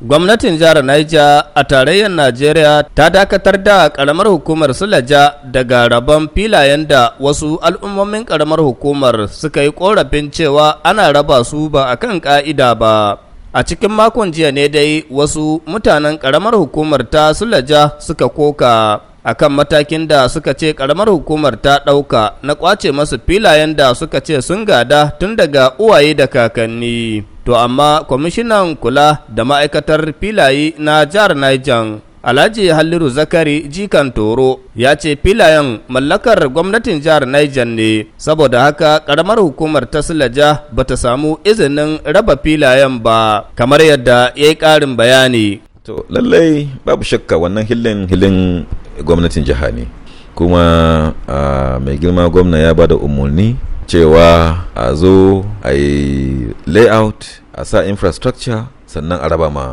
Gwamnatin jihar Niger a tarayyar Najeriya ta dakatar da ƙaramar hukumar Sulaja daga rabon filayen da wasu al'ummomin ƙaramar hukumar suka yi korafin cewa ana raba su ba a kan ƙa'ida ba. A cikin makon jiya ne dai wasu mutanen ƙaramar hukumar ta Sulaja suka koka a kan matakin da suka ce karamar hukumar ta ɗauka na ƙwace masu filayen da suka ce sun gada tun daga uwaye da kakanni. To amma kwamishinan kula da ma'aikatar filaye na jihar Niger Alhaji Halliru Zakari Jikan Toro ya ce filayen mallakar gwamnatin jihar Niger ne, saboda haka ƙaramar hukumar ta Silaja ba ta samu izinin raba filayen ba, kamar yadda ya yi ƙarin bayani. To, lallai babu shakka wannan hilin hilin gwamnatin jiha ne, kuma ah, mai girma gwamna ya ba da umarni cewa a zo a yi layout a sa infrastructure sannan a raba ma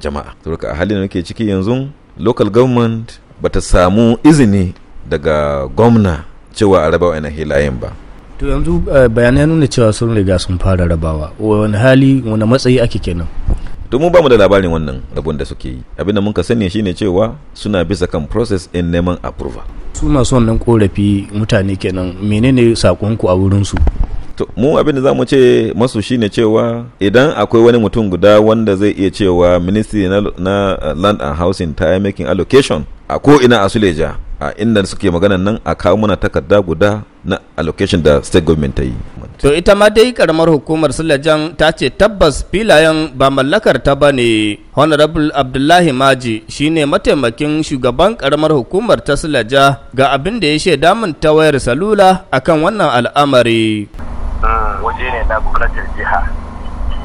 jama'a saboda a halin da muke ciki yanzu local government bata samu izini daga gwamna cewa a raba wa hilayen ba to yanzu eh, bayanai nuna cewa sun riga sun fara rabawa wani hali wani matsayi ake kenan to mu bamu da labarin wannan rabon da suke yi abinda mun ka sani shine cewa suna bisa kan process in neman approval su masu wannan korafi mutane kenan menene sakon ku a wurin su to mu abinda zamu ce masu shine cewa idan akwai wani mutum guda wanda zai iya cewa ministry na, na uh, land and housing ta making allocation a ko ina a suleja a inda suke maganan nan a kawo mana takarda guda na allocation da state government ta yi To ita ma dai karamar hukumar Sulajan ta ce tabbas filayen ba mallakar ta ba ne. Honorable Abdullahi Maji shine mataimakin shugaban karamar hukumar ta Sulaja ga abin da ya shaida min ta wayar salula akan wannan al'amari. Ah, waje ne na gwamnatin jiha.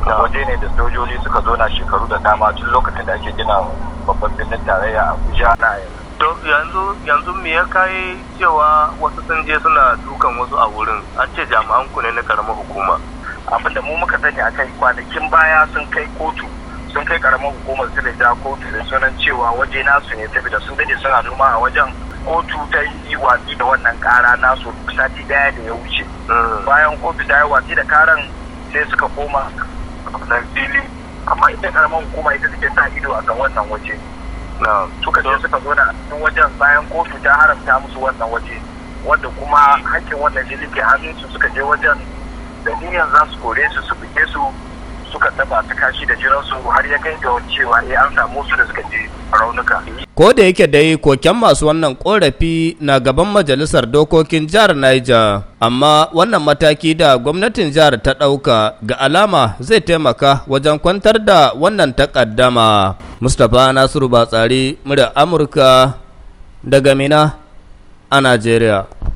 Da waje ne da sojoji suka zo na shekaru da dama tun lokacin da ake gina babban birnin tarayya Abuja na yanzu. yanzu yanzu me ya kai cewa wasu sun je suna dukan wasu a wurin an ce jami'an ku ne na karamar hukuma abin da mu muka sani akai kwanakin baya sun kai kotu sun kai karamar hukumar da kotu da sunan cewa waje nasu ne saboda sun dade suna noma a wajen kotu ta yi watsi da wannan kara nasu sati daya da ya wuce hmm. bayan kotu ta yi watsi da karan sai suka koma fili amma ita karamar hukuma ita take sa ido a kan wannan waje suka je suka zo na cikin wajen bayan kotu ta haramta musu wannan waje wanda kuma hakkin wannan jirgin hannun su suka je wajen da niyan za su kore su su buge su suka taba ta kashi da jiransu har ya kai ga cewa eh an samu su da suka je raunuka ko da yake dai koken masu wannan korafi na gaban majalisar dokokin jihar Niger amma wannan mataki da gwamnatin jihar ta ɗauka ga alama zai taimaka wajen kwantar da wannan takaddama Mustapha Nasiru Batsari murya Amurka daga Mina a Najeriya